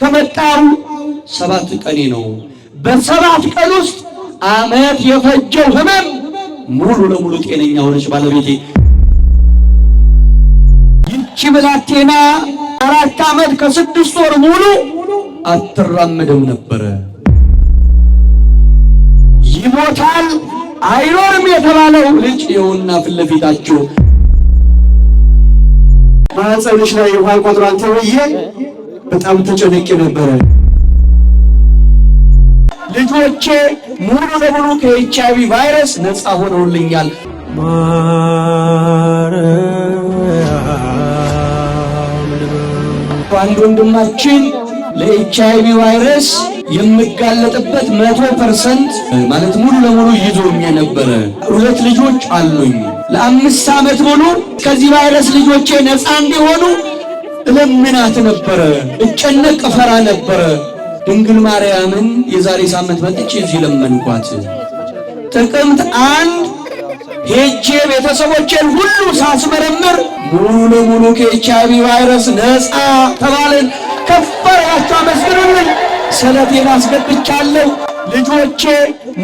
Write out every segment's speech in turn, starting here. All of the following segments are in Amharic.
ከመጣሩ ሰባት ቀኔ ነው። በሰባት ቀን ውስጥ ዓመት የፈጀው ህመም ሙሉ ለሙሉ ጤነኛ ሆነች ባለቤቴ። ይቺ ብላቴና አራት ዓመት ከስድስት ወር ሙሉ አትራመደም ነበረ። ይሞታል አይኖርም የተባለው ልጅ የውና ፊት ለፊታችሁ ማኅፀንሽ ላይ ውሃ ቆጥሯን ተብዬ በጣም ተጨነቄ ነበረ። ልጆቼ ሙሉ ለሙሉ ከኤች አይቪ ቫይረስ ነፃ ሆነውልኛል። አንድ ወንድማችን ለኤች አይቪ ቫይረስ የምጋለጥበት መቶ ፐርሰንት ማለት ሙሉ ለሙሉ ይዞኝ ነበረ። ሁለት ልጆች አሉኝ። ለአምስት ዓመት ሙሉ ከዚህ ቫይረስ ልጆቼ ነፃ እንዲሆኑ እለምናት ነበረ፣ እጨነቅ ፈራ ነበረ። ድንግል ማርያምን የዛሬ ሳምንት መጥቼ እዚህ ለመንኳት። ጥቅምት አንድ ሄጄ ቤተሰቦቼን ሁሉ ሳስመረምር ሙሉ ለሙሉ ከኤች አይ ቪ ቫይረስ ነፃ ተባልን። ከፈራችሁ አመስግኑልኝ። ሰለቴን አስገብቻለሁ። ልጆቼ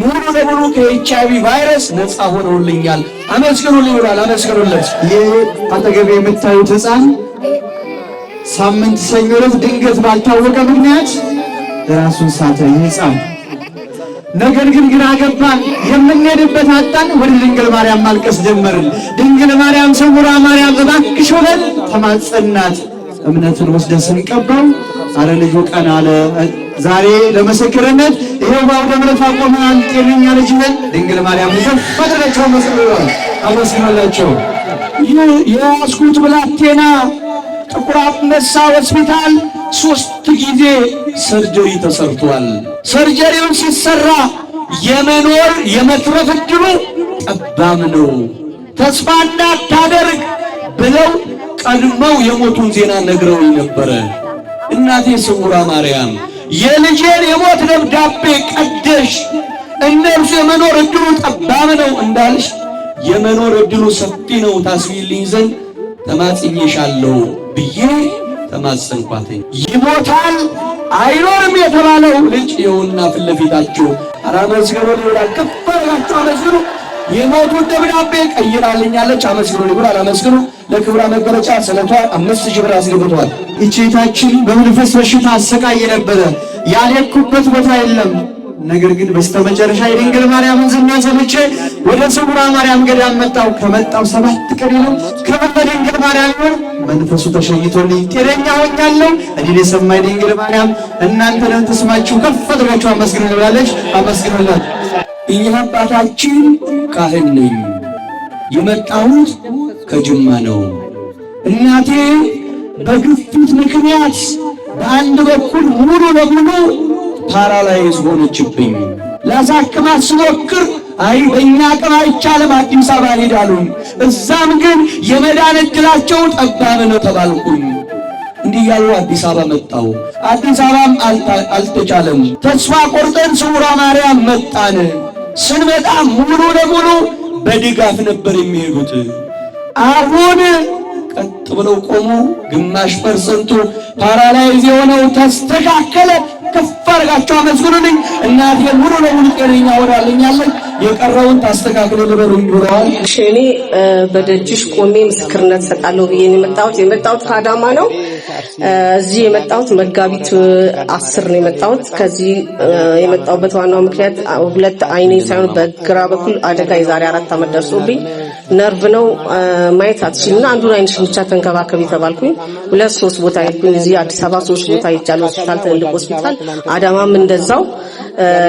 ሙሉ ለሙሉ ከኤች አይ ቪ ቫይረስ ነፃ ሆነውልኛል። አመስግኑልኝ ይውላል። አመስግኑለት። ይህ አጠገቤ የምታዩት ህፃን! ሳምንት ሰኞ ዕለት ድንገት ባልታወቀ ምክንያት ራሱን ሳተ። ይህ ነገር ግን ግራ ገባን፣ የምንሄድበት አጣን። ወደ ድንግል ማርያም ማልቀስ ጀመርን። ድንግል ማርያም ስውሯ ማርያም እባክሽ ሆነን ተማጸናት። እምነቱን ወስደን ስንቀባው አረ ልጁ ቀን አለ። ዛሬ ለምስክርነት ይሄው ባውደ ምረት አቆመናል። ጤነኛ ልጅ ነን። ድንግል ማርያም ይዘን ፈቅደቸው መስሎል አመስግናላቸው የያዝኩት ብላቴና ጥቁር አንበሳ ሆስፒታል ሶስት ጊዜ ሰርጀሪ ተሰርቷል። ሰርጀሪውን ሲሰራ የመኖር የመትረፍ እድሉ ጠባብ ነው። ተስፋ እንዳታደርግ ብለው ቀድመው የሞቱን ዜና ነግረውኝ ነበረ። እናቴ ስውራ ማርያም የልጄን የሞት ደብዳቤ ቀደሽ እነርሱ የመኖር እድሉ ጠባብ ነው እንዳልሽ የመኖር እድሉ ሰፊ ነው ታስቢልኝ ዘንድ ተማጽኜሻለሁ። ብዬ ተማጸንኳትኝ። ይሞታል አይኖርም የተባለው ልጅ ይኸውና ፊት ለፊታችሁ። ኧረ አመስግኑ ሊሆናል አመስግኑ። የሞቱን ደብዳቤ ቀይራልኛለች። አመስግኑ ሊሆናል አመስግኑ። ለክብራ መገለጫ ስለቷ አምስት ሺህ ብር አስገብቷል። እቼታችን በመንፈስ በሽታ አሰቃይ የነበረ ያልሄድኩበት ቦታ የለም ነገር ግን በስተመጨረሻ የድንግል ማርያምን ዝና ሰምቼ ወደ ስውሯ ማርያም ገዳም መጣው። ከመጣው ሰባት ቀን ነው ከመጣ ድንግል ማርያም ነው መንፈሱ ተሸኝቶልኝ ጤነኛ ሆኛለሁ። እኔን የሰማይ ድንግል ማርያም እናንተ ለተስማችሁ ከፍ አድርጋችሁ አመስግኑ ብላለች። አመስግኑላት። እኛ አባታችን ካህን ነኝ። የመጣሁት ከጅማ ነው። እናቴ በግፊት ምክንያት በአንድ በኩል ሙሉ ለሙሉ ፓራላይዝ ሆነችብኝ። ላሳክማት ስሞክር አይ በእኛ አቅም አይቻልም፣ አዲስ አበባ ሂድ እዛም ግን የመዳን እድላቸው ጠባብ ነው ተባልኩኝ። እንዲህ ያሉ አዲስ አበባ መጣው። አዲስ አበባም አልተቻለም። ተስፋ ቆርጠን ስውሯ ማርያም መጣን። ስንመጣ ሙሉ ለሙሉ በድጋፍ ነበር የሚሄዱት። አሁን ቀጥ ብለው ቆሙ። ግማሽ ፐርሰንቱ ፓራላይዝ የሆነው ተስተካከለ። ከፍ አድርጋችሁ አመስግኑልኝ። እናቴ ሙሉ ለሙሉ ጤነኛ ሆናልኛለች። የቀረውን ታስተካክሎ ልበሉኝ ብለዋል። እኔ በደጅሽ ቆሜ ምስክርነት ሰጣለሁ ብዬ ነው የመጣሁት። የመጣሁት ከአዳማ ነው። እዚህ የመጣሁት መጋቢት አስር ነው የመጣሁት። ከዚህ የመጣሁበት ዋናው ምክንያት ሁለት አይኔ ሳይሆን በግራ በኩል አደጋ የዛሬ አራት ዓመት ደርሶብኝ ነርቭ ነው ማየት አትችልም እና አንዱን አይንሽን ብቻ ተንከባከብ የተባልኩኝ ሁለት ሶስት ቦታ ሄድኩኝ። እዚህ አዲስ አበባ ሶስት ቦታ ሄጃለሁ፣ ሆስፒታል፣ ትልልቅ ሆስፒታል፣ አዳማም እንደዛው።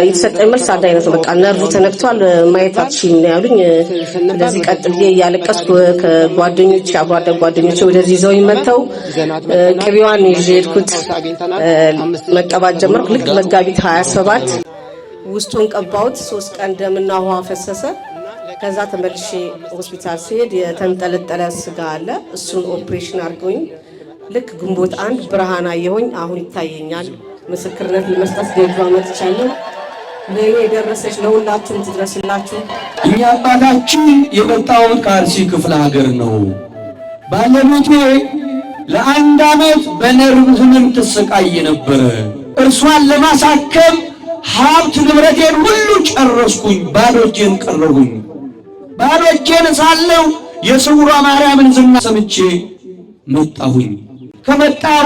የተሰጠኝ መልስ አንድ አይነት በቃ ነርቭ ተነክቷል፣ ማየት አትችልም ነው ያሉኝ። ስለዚህ ቀጥ ብዬ እያለቀስኩ ከጓደኞች አብሮ ጓደኞች ወደዚህ ይዘው ይመተው ቅቤዋን ይዤ ሄድኩት፣ መቀባት ጀመርኩ። ልክ መጋቢት 27 ውስጡን ቀባሁት። ሶስት ቀን ደምና ውሃ ፈሰሰ። ከዛ ተመልሼ ሆስፒታል ሲሄድ የተንጠለጠለ ስጋ አለ። እሱን ኦፕሬሽን አድርገኝ ልክ ግንቦት አንድ ብርሃን አየሁኝ። አሁን ይታየኛል። ምስክርነት ለመስጠት ገባ መጥቻለሁ። ለእኔ የደረሰች ለሁላችሁም ትድረስላችሁ። እኛ አባታችን የመጣውን ከአርሲ ክፍለ ሀገር ነው። ባለቤቴ ለአንድ ዓመት በነርቭ ህመም ትሰቃይ ነበረ። እርሷን ለማሳከም ሀብት ንብረቴን ሁሉ ጨረስኩኝ፣ ባዶ ቀረሁኝ። ባዶ እጄን ሳለሁ የስውሯ ማርያምን ዝና ሰምቼ መጣሁኝ። ከመጣሁ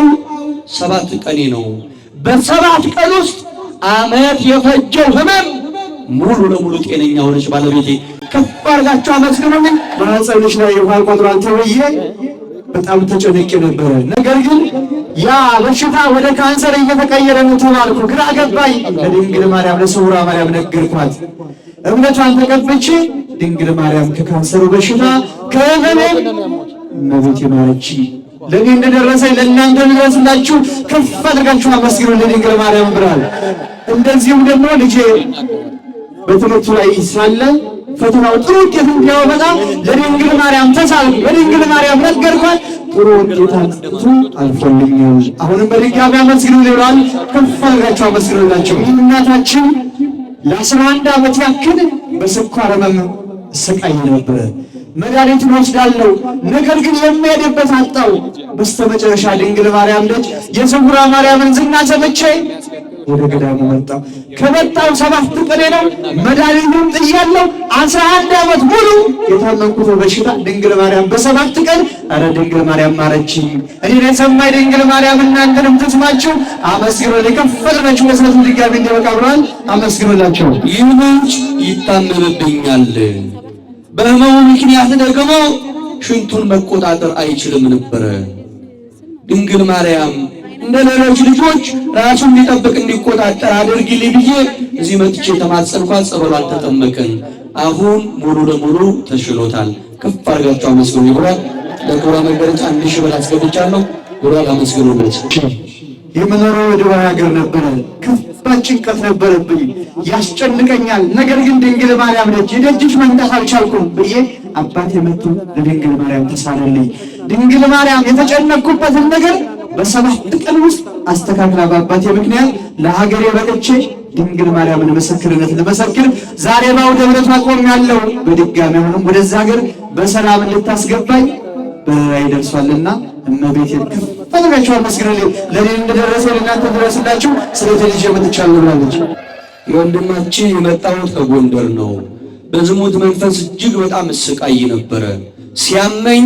ሰባት ቀኔ ነው። በሰባት ቀን ውስጥ አመት የፈጀው ህመም ሙሉ ለሙሉ ጤነኛ ሆነች ባለቤቴ። ከፍ አድርጋችሁ አመስግኑኝ። ማኅፀንሽ ላይ ውሃ ቋጥሮ አንተ ብዬ በጣም ተጨነቄ ነበረ። ነገር ግን ያ በሽታ ወደ ካንሰር እየተቀየረ ነው ተባልኩ። ግራ ገባኝ። ለድንግል ማርያም ለስውሯ ማርያም ነገርኳት። እምነቷን ተቀብቼ ድንግል ማርያም ከካንሰሩ በሽታ ከሆነ እመቤት የማረች ለእኔ እንደደረሰ ለእናንተ ልድረስላችሁ። ከፍ አድርጋችሁ አመስግኑ ለድንግል ማርያም ብላል። እንደዚሁም ደግሞ ልጄ በትምህርቱ ላይ ሳለ ፈተናው ጥሩ ውጤት እንዲያወጣ ለድንግል ማርያም ተሳልኩ። ለድንግል ማርያም ነገርኳት። ጥሩ ውጤት አምጥቶ አልፈልኝም። አሁንም በድጋሚ አመስግኑ ይለዋል። ከፍ አድርጋችሁ አመስግኑላቸው። እናታችን ለአስራ አንድ ዓመት ያክል በስኳር ህመም እሰቃይ ነበር። መድኃኒቱን ወስዳለሁ፣ ነገር ግን የሚሄድበት አጣው። በስተመጨረሻ ድንግል ማርያም ልጅ የስውሯ ማርያምን ዝና ሰምቼ ወደ ገዳሙ መጣ። ከመጣም ሰባት ቀን ነው። መድኃኒቱን ጥያለሁ። አስራ አንድ ዓመት ሙሉ የታመምኩት በሽታ ድንግል ማርያም በሰባት ቀን አረ ድንግል ማርያም ማረችኝ። እኔን የሰማይ ድንግል ማርያም እናንተንም ትስማችሁ። አመስግኖ የከፈልነች መስረት ድጋሚ እንዲበቃ ብለዋል። አመስግኖላቸው ይህ ምንጭ ይታመምብኛል። በህመሙ ምክንያት ደግሞ ሽንቱን መቆጣጠር አይችልም ነበረ ድንግል ማርያም እንደ ሌሎች ልጆች ራሱን እንዲጠብቅ እንዲቆጣጠር አድርጊልኝ ብዬ እዚህ መጥቼ የተማጸንኳት ጸበሉ አልተጠመቅን። አሁን ሙሉ ለሙሉ ተሽሎታል። ከፍ አድርጋችሁ አመስግኑ። ይሁራል ለክብራ መገለጫ አንድ ሺህ ብር አስገብቻለሁ። ይሁራል አመስግኑበት። የምኖረው ወደባዊ ሀገር ነበረ። ከባድ ጭንቀት ነበረብኝ፣ ያስጨንቀኛል። ነገር ግን ድንግል ማርያም ነች፣ የደጅሽ መምጣት አልቻልኩም ብዬ አባቴ መጥቶ ለድንግል ማርያም ተሳለልኝ። ድንግል ማርያም የተጨነኩበትን ነገር በሰባት ቀን ውስጥ አስተካክላ በአባቴ ምክንያት ለሀገሬ በቅቼ ድንግል ማርያምን ምስክርነት ለመሰክር ዛሬ በአውደ ምሕረት አቆም ያለው በድጋሚ አሁንም ወደዛ ሀገር በሰላም እንድታስገባኝ ይደርሷልና ደርሷልና እመቤቴ ተዘጋጅቷ መስክረ ለእኔ እንደደረሰ ለእናንተ ድረስላችሁ ስለ ልጅ መጥቻለሁ ብላለች። የወንድማችን የመጣሁት ከጎንደር ነው። በዝሙት መንፈስ እጅግ በጣም እስቃይ ነበረ ሲያመኝ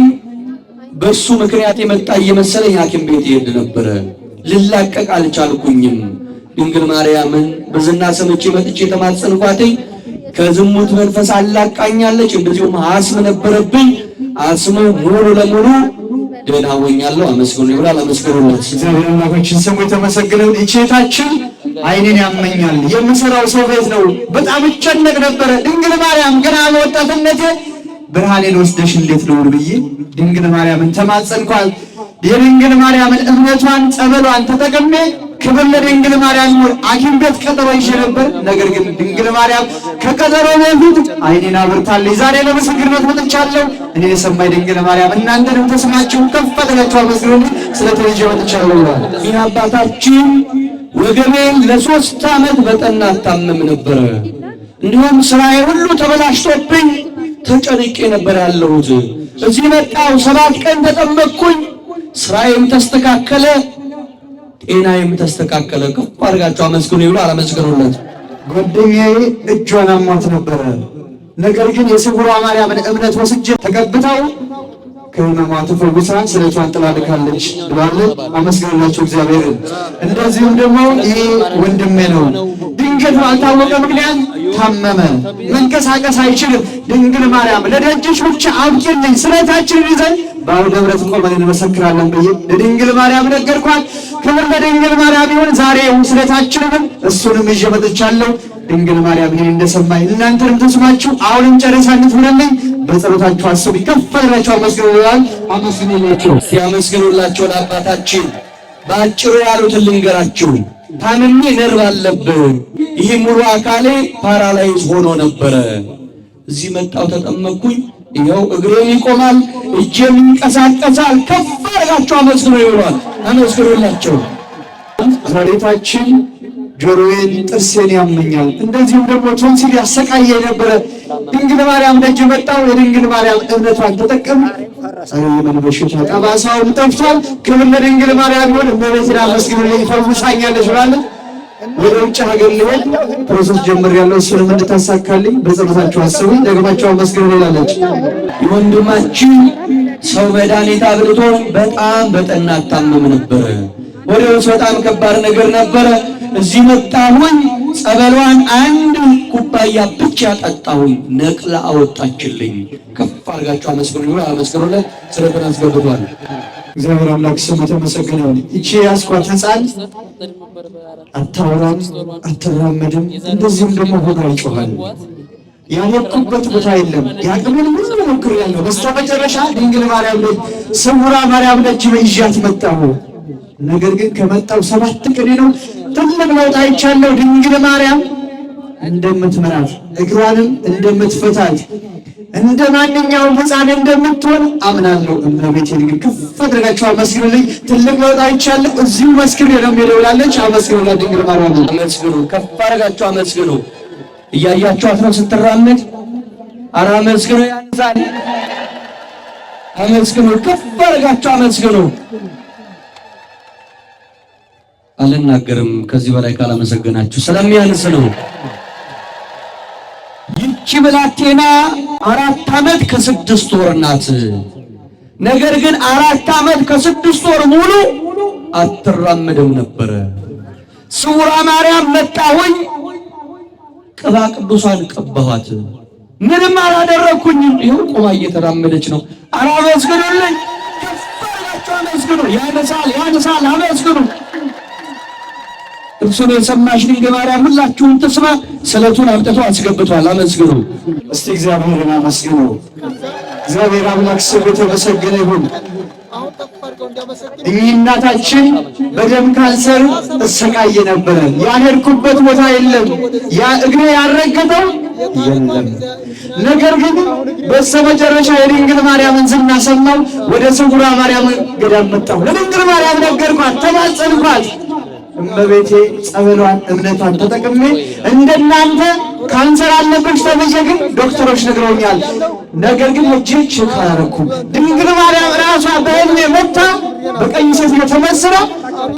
በእሱ ምክንያት የመጣ እየመሰለኝ ሐኪም ቤት ይሄድ ነበረ። ልላቀቅ አልቻልኩኝም። ድንግል ማርያምን በዝና ሰምቼ መጥቼ የተማጸንኳትኝ ከዝሙት መንፈስ አላቃኛለች። እንደዚሁም አስም ነበረብኝ። አስሙ ሙሉ ለሙሉ ደህና ሆኛለሁ። አመስግኑ ይብላል። አመስግኑለት። እግዚአብሔር አምላካችን ስሙ የተመሰገነ እቼታችን አይኔን ያመኛል የምሰራው ሰው ቤት ነው። በጣም እጨነቅ ነበረ። ድንግል ማርያም ገና በወጣትነቴ ብርሃኔን ወስደሽ እንዴት ልውል ብዬ ድንግል ማርያምን ተማጸንኳል። የድንግል ማርያምን እምነቷን ጸበሏን ተጠቅሜ ክብር ለድንግል ማርያም ይሁን። ሐኪም ቤት ቀጠሮ ይዤ ነበር። ነገር ግን ድንግል ማርያም ከቀጠሮ በፊት ዓይኔን አብርታለች። ዛሬ ለምስክርነት መጥቻለሁ። እኔ የሰማኝ ድንግል ማርያም እናንተንም ተስማችሁ ከፍ አድርጋችሁ አመስግኑልኝ። ስለ ተልጄ መጥቻለሁ ብሏል። ይህ አባታችን ወገቤን ለሶስት ዓመት በጠና ታመም ነበረ። እንዲሁም ስራዬ ሁሉ ተበላሽቶብኝ ተጨንቄ ነበር ያለሁት። እዚህ መጣሁ፣ ሰባት ቀን ተጠመቅኩኝ። ስራዬም ተስተካከለ፣ ጤናዬም ተስተካከለ። ከፍ አድርጋችሁ አመስግኑ ይብሉ። አላመስግኑለት። ጓደኛዬ እጇን አሟት ነበረ። ነገር ግን የስውሯ ማርያምን እምነት ወስጄ ተቀብተው ከህመሟ ተፈውሳ ስለቷን ጥላ ልካለች ብሏለን። አመስግኑላቸው እግዚአብሔርን። እንደዚሁም ደግሞ ይሄ ወንድሜ ነው። ድንገት ባልታወቀ ምክንያት ታመመ፣ መንቀሳቀስ አይችልም። ድንግል ማርያም ለደጅሽ ብቻ አብቂልኝ፣ ስለታችን ይዘን በአቡነ ምሕረት ቆመን እንመሰክራለን ብዬ ለድንግል ማርያም ነገርኳት። ክብር ለድንግል ማርያም ይሁን። ዛሬ ስለታችንንም እሱንም ይዤ መጥቻለሁ። ድንግል ማርያም ይህን እንደሰማኝ እናንተንም ተስማችሁ አሁንም ጨረሳ እንድትሆነልኝ በጸሎታችሁ አስቡ። ይከፈልላችሁ አመስግኑላል አመስግኑላችሁ ያመስግኑላችሁ አባታችን በአጭሩ ያሉትን ልንገራችሁ። ታምሜ ነርብ አለብህ። ይህ ሙሉ አካሌ ፓራላይዝ ሆኖ ነበረ። እዚህ መጣው ተጠመኩኝ። ይኸው እግሬም ይቆማል፣ እጄም ይንቀሳቀሳል። ከፍ አድርጋቸው አመስግኖ ይውሏል። አመስግኖላቸው ረዴታችን ጆሮዬን ጥርሴን ያመኛል፣ እንደዚህም ደግሞ ቶንሲል ያሰቃየ የነበረ ድንግል ማርያም ደጅ መጣው። የድንግል ማርያም እምነቷን ተጠቀም ይህንን በሽታ ጠባሳውም ጠፍቷል። ክብር ለድንግል ማርያም ይሁን። እመቤቴን አመስግኑልኝ ፈውሳኛለች ብላለች። ወደ ውጭ ሀገር ሊሆን ፕሮሰስ ጀምር ያለው እሱንም እንድታሳካልኝ በጸሎታችሁ አስቡኝ። ደግማችሁ አመስግኑልኝ ብላለች። የወንድማችን ሰው መድኃኒት አብልቶ በጣም በጠና አታመም ነበረ። ወደ ውስጥ በጣም ከባድ ነገር ነበረ። እዚህ መጣሁኝ ጸበሏን አንድ ኩባያ ብቻ ጠጣው ነቅላ አወጣችልኝ። ከፍ አድርጋችሁ አመስግኑ። ይሁን አመስግኑ። ስለፈን አስገብቷል። እግዚአብሔር አምላክ ስሙ የተመሰገነ እቺ ያስኳት ሕፃን አታወራም፣ አትራመድም፣ እንደዚህም ደግሞ ሆና ይጮሃል። ያለኩበት ቦታ የለም። የአቅሜን ብዙ ያለው በስተመጨረሻ ድንግል ማርያም ነች፣ ስውሯ ማርያም ነች ይዣት መጣሁ። ነገር ግን ከመጣው ሰባት ቀን ነው ትልቅ ለውጥ አይቻለሁ። ድንግል ማርያም እንደምትመራት እግሯንም እንደምትፈታት እንደ ማንኛውም ሕፃን እንደምትሆን አምናለሁ። እመቤቴን ግን ከፍ አድርጋችሁ አመስግኑልኝ። ትልቅ ለውጥ አይቻለሁ። እዚሁ መስክሬ ነው የምሄደው ብላለች። አመስግኑላት ድንግል ማርያም አመስግኑ፣ ከፍ አድርጋችሁ አመስግኑ። እያያችኋት ነው ስትራመድ። ኧረ አመስግኑ፣ ያንሳል። አመስግኑ፣ ከፍ አድርጋችሁ አመስግኑ። አልናገርም ከዚህ በላይ ካላመሰገናችሁ ስለሚያንስ ነው። እቺ ብላቴና አራት ዓመት ከስድስት ወር ናት። ነገር ግን አራት ዓመት ከስድስት ወር ሙሉ አትራመድም ነበረ። ስውራ ማርያም መጣሁኝ ቅባ ቅዱሳን ቀባኋት። ምንም አላደረግኩኝም። ይኸው ቆማ እየተራመደች ነው። ኧረ አመስግኑልኝ፣ ያነሳል፣ ያነሳል፣ አመስግኑ እርሱን የሰማሽ ድንግል ማርያም ሁላችሁን ትስማ። ስለቱን አምጥቶ አስገብቷል። አመስግኑ እስቲ እግዚአብሔርን አመስግኑ። እግዚአብሔር አምላክ ስሙ የተመሰገነ ይሁን። እናታችን በደም ካንሰር እሰቃየ ነበረ። ያልሄድኩበት ቦታ የለም፣ እግሬ ያረገጠው የለም። ነገር ግን በስተመጨረሻ የድንግል ማርያምን ዝና ወደ ስጉራ ማርያም ገዳም መጣሁ። ለድንግል ማርያም ነገርኳት፣ ተማጸንኳት። እመቤቴ ጸበሏን እምነቷን ተጠቅሜ እንደናንተ ካንሰር አለብሽ ተብዬ ግን ዶክተሮች ነግረውኛል። ነገር ግን እጅግ ችክ ድንግል ማርያም ራሷ በህልሜ መታ በቀኝ ሴት ተመስላ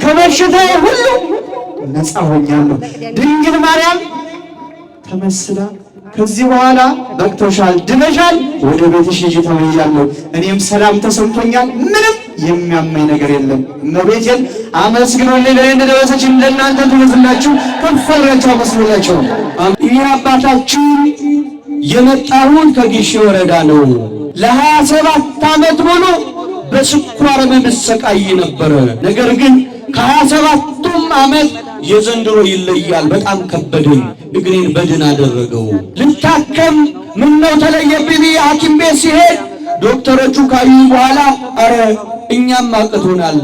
ከበሽታዬ ሁሉ ነፃ ሆኛለሁ። ድንግል ማርያም ተመስላ ከዚህ በኋላ በቅቶሻል፣ ድነሻል፣ ወደ ቤትሽ ሂጂ ተብያለሁ። እኔም ሰላም ተሰምቶኛል፣ ምንም የሚያመኝ ነገር የለም። እመቤቴን አመስግኑልኝ፣ ለእኔ እንደደረሰች እንደናንተ ትመስላችሁ ከፈራችሁ አመስግኑላችሁ። ይህ አባታችሁ የመጣሁን ከጊሽ ወረዳ ነው። ለሀያ ሰባት ዓመት ሙሉ በስኳር መሰቃይ ነበረ። ነገር ግን ከሀያ ሰባቱም ዓመት የዘንድሮ ይለያል። በጣም ከበደኝ፣ እግሬን በድን አደረገው። ልታከም ምነው ተለየብኝ። ሐኪም ቤት ሲሄድ ዶክተሮቹ ካዩ በኋላ አረ እኛም አቅቶናል።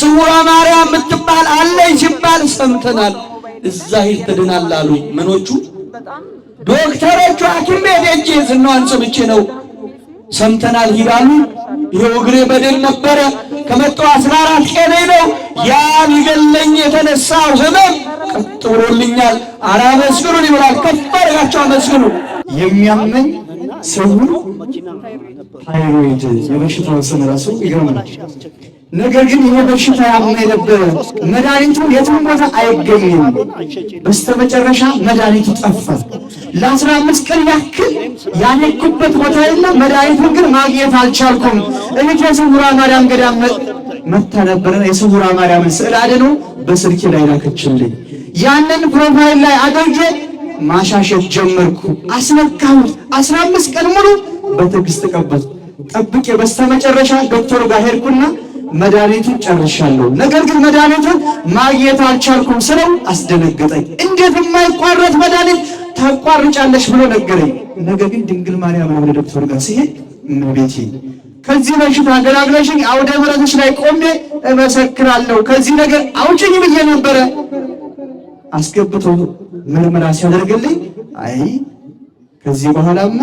ስውሯ ማርያም የምትባል አለኝ ሲባል ሰምተናል። እዛ ሂድ ትድናል አሉ። ምኖቹ ዶክተሮቹ ሐኪም ቤት እጅ ዝናዋን ሰምቼ ነው ሰምተናል ሂዳሉ። ይኸው እግሬ በድን ነበረ ከመጡ አስራ አራት ቀን ነው። ያ ሊገለኝ የተነሳው ህመም ቀጥ ብሎልኛል። አረ መስግኑን ይብላል። ከፍ አድርጋቸው መስግኑ። የሚያመኝ ሰው ታይሮይድ የበሽታው ስም ራሱ ይገርማል። ነገር ግን ይህ በሽታ ያመኝ ነበረ፣ መድኃኒቱ የትም ቦታ አይገኝም። በስተመጨረሻ መድኃኒቱ ጠፋ። ለአስራ አምስት ቀን ያክል ያለኩበት ቦታ የለም፣ መድኃኒቱን ግን ማግኘት አልቻልኩም። እህት የስውራ ማርያም ገዳም መታ ነበረ። የስውራ ማርያምን ስዕል አድኖ በስልኬ ላይ ላከችልኝ። ያንን ፕሮፋይል ላይ አድርጌ ማሻሸት ጀመርኩ። አስነካሁት። አስራ አምስት ቀን ሙሉ በትዕግስት ቀበት ጠብቄ በስተመጨረሻ ዶክተሩ ጋር ሄድኩና መድኃኒቱን ጨርሻለሁ፣ ነገር ግን መድኃኒቱን ማግኘት አልቻልኩም ስለው አስደነገጠኝ። እንዴት የማይቋረጥ መድኃኒት ታቋርጫለሽ ብሎ ነገረኝ። ነገር ግን ድንግል ማርያም ወደ ዶክተር ጋር ሲሄድ እመቤቴ ከዚህ በሽታ ገላግለሽኝ አውደ ምሕረትሽ ላይ ቆሜ እመሰክራለሁ ከዚህ ነገር አውጭኝ ብዬ ነበረ። አስገብቶ ምርመራ ሲያደርግልኝ አይ ከዚህ በኋላማ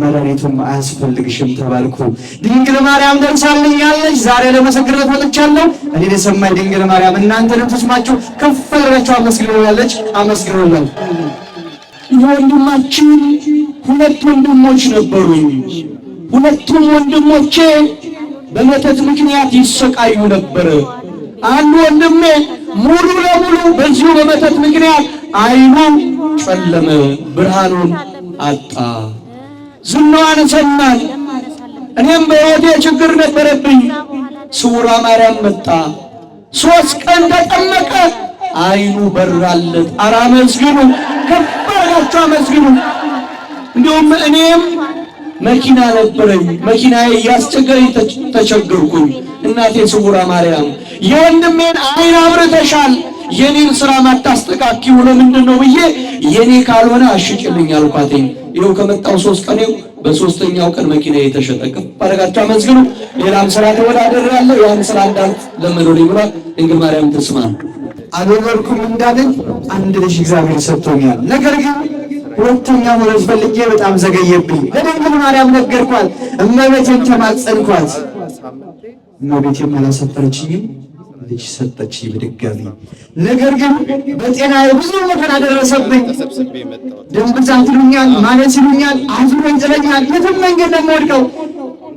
መድኃኒቱም አያስፈልግሽም ተባልኩ። ድንግል ማርያም ደርሳልኛለች፣ ዛሬ ለመሰግነት መጥቻለሁ። እኔ የሰማኝ ድንግል ማርያም እናንተንም ተስማችሁ ከፍ አድርጋችሁ አመስግናለች። አመስግኖላል። ወንድማችን ሁለት ወንድሞች ነበሩ። ሁለቱም ወንድሞቼ በመተት ምክንያት ይሰቃዩ ነበር። አንዱ ወንድሜ ሙሉ ለሙሉ በዚሁ በመተት ምክንያት አይኑ ጨለመ፣ ብርሃኑን አጣ። ዝናዋን ሰማን እኔም በሕይወቴ ችግር ነበረብኝ። ስውሯ ማርያም መጣ። ሶስት ቀን ተጠመቀ። አይኑ በራለት። አረ አመስግኑ፣ ከባዳችሁ አመስግኑ። እንዲሁም እኔም መኪና ነበረኝ። መኪናዬ እያስቸገረኝ ተቸገርኩኝ። እናቴ ስውሯ ማርያም የወንድሜን አይን አብርተሻል የኔን ስራ ማታስተካኪው ለምንድን ነው ብዬ የኔ ካልሆነ አሽጭልኝ አልኳት። ይኸው ከመጣው ሶስት ቀን በሶስተኛው ቀን መኪና የተሸጠ ባረጋቸው አመስግኑ። ሌላም ስራ ተወዳደር ያለው ያን ስራ እንዳልት ለምዶልኝ ብሏል። ድንግል ማርያም ትስማ። አልወረድኩም እንዳለኝ አንድ ልጅ እግዚአብሔር ሰጥቶኛል። ነገር ግን ሁለተኛ ወረድ ፈልጌ በጣም ዘገየብኝ። ለድንግል ማርያም ነገርኳት፣ እመቤቴን ተማጸንኳት። እመቤቴም አላሰፈረችኝም። ልጅ ሰጠች በድጋሚ። ነገር ግን በጤና ብዙ መከራ ደረሰብኝ። ደም ብዛት ማለት ይሉኛል፣ አዙሮ ይጥለኛል። የትም መንገድ ነው የምወድቀው።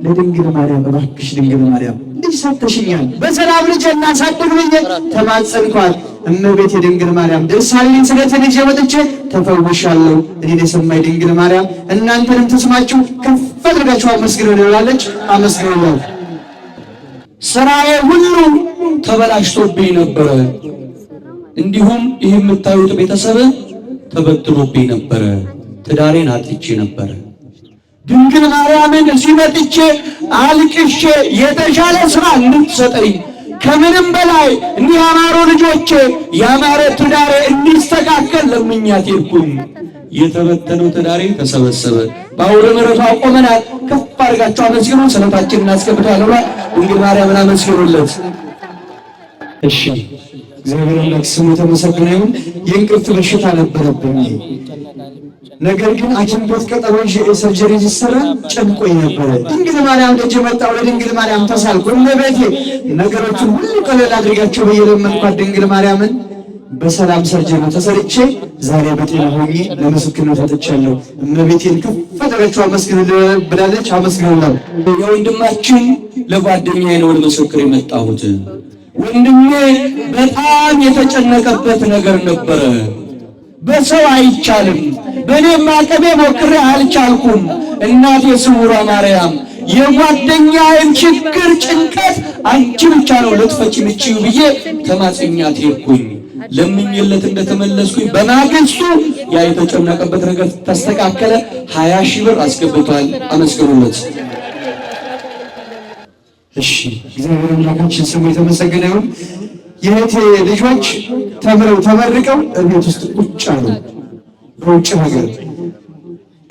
ለድንግል ማርያም እባክሽ ድንግል ማርያም ልጅ ሰጥተሽኛል፣ በሰላም ልጅ እናሳድግ ብዬ ተማጸንኳት። እመቤት የድንግል ማርያም ደሳለኝ ስለት ልጅ ወጥቼ ተፈውሻለሁ። እኔን የሰማይ ድንግል ማርያም እናንተንም ተስማችሁ ከፍ አድርጋችሁ አመስግኑ ብላለች። አመስግኑላል ስራዬ ሁሉ ተበላሽቶብኝ ነበረ። እንዲሁም ይህ የምታዩት ቤተሰብ ተበትኖብኝ ነበረ። ትዳሬን አጥቼ ነበረ። ድንግል ማርያምን እዚህ መጥቼ አልቅሼ የተሻለ ስራ እንድትሰጠኝ ከምንም በላይ እኒህ ያማሩ ልጆቼ ያማረ ትዳሬ እንዲስተካከል ለምኛት የልኩም የተበተነው ትዳሬ ተሰበሰበ። በአውደ ምሕረቱ አቆመናል። ከፍ አድርጋችሁ አመስግኑ። ስለታችን እናስገብተዋል ድንግል ማርያምን አመስግኑለት። እሺ እግዚአብሔር አምላክ ስሙ ተመሰግነ ይሁን። የእንቅልፍ በሽታ ነበረብኝ። ነገር ግን ሐኪም ቤት ቀጠሮ ሰርጀሪ ሲሰራ ጨንቆኝ ነበረ። ድንግል ማርያም ደጅ መጣሁ፣ ለድንግል ማርያም ተሳልኩ። እመቤቴ ነገሮችን ሁሉ ቀለል አድርጋቸው በየለመንኳት ድንግል ማርያምን በሰላም ሰርጀሪ ተሰርቼ ዛሬ በጤና ሆኜ ለምስክርነት ወጥቻለሁ። እመቤቴን ከፍ አድርጋችሁ አመስግኑ ብላለች። አመስግኑላል። የወንድማችን ለጓደኛዬ ነው ምስክር የመጣሁት ወንድሜ በጣም የተጨነቀበት ነገር ነበረ። በሰው አይቻልም፣ በእኔም አቅሜ ሞክሬ አልቻልኩም። እናቴ ስውሯ ማርያም የጓደኛዬን ችግር ጭንቀት አንቺ ብቻ ነው ልትፈጪ ምጪው ብዬ ተማጽኛት ሄድኩኝ። ለምኝለት እንደተመለስኩኝ በማግስቱ ያ የተጨነቀበት ነገር ተስተካከለ። ሀያ ሺህ ብር አስገብቷል። አመስግኑለት። እሺ እግዚአብሔር አምላካችን ስሙ የተመሰገነ ይሁን። የእህቴ ልጆች ተምረው ተመርቀው እቤት ውስጥ ቁጭ አሉ። በውጭ ነገር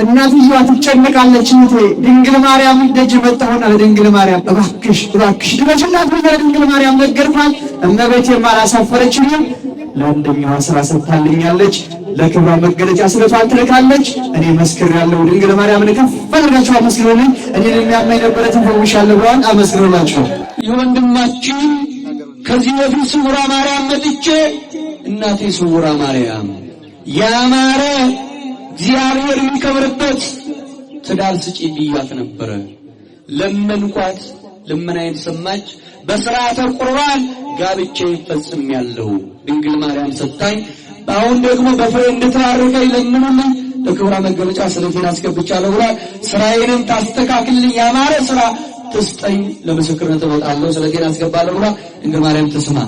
እናትየዋ ትጨነቃለች። እህቴ ድንግል ማርያም ደጅ መጣሁና ለድንግል ማርያም እባክሽ እባክሽ ድረሽላት ብዬ ለድንግል ማርያም ነገርኳት። እመቤቴም አላሳፈረችኝም። ለአንደኛዋ ስራ ሰጥታልኛለች። ለክብሯ መገለጫ ስለቷን ትልካለች። እኔ መስክር ያለው ድንግል ማርያምን ከፍ አድርጋችሁ አመስግኑልኝ። እኔ የሚያማኝ ነበረ ትፈውሻለሁ ብለዋል። አመስግኑላችሁ። የወንድማችን ከዚህ በፊት ስውራ ማርያም መጥቼ እናቴ ስውራ ማርያም ያማረ እግዚአብሔር የሚከብርበት ትዳር ስጪ ብያት ነበረ። ለመንኳት ልመናዬን ሰማች። በስርዓተ ቁርባን ጋብቻዬን ያለው ድንግል ማርያም ሰጣኝ። አሁን ደግሞ በፍሬ እንድትባርከኝ ለምኑልኝ። ለክብራ መገለጫ ስለቴን አስገብቻለሁ ብሏል። ስራዬንም ታስተካክልኝ ያማረ ስራ ትስጠኝ፣ ለምስክርነት እወጣለሁ፣ ስለቴን አስገባለሁ ብሏል። ድንግል ማርያም ትስማ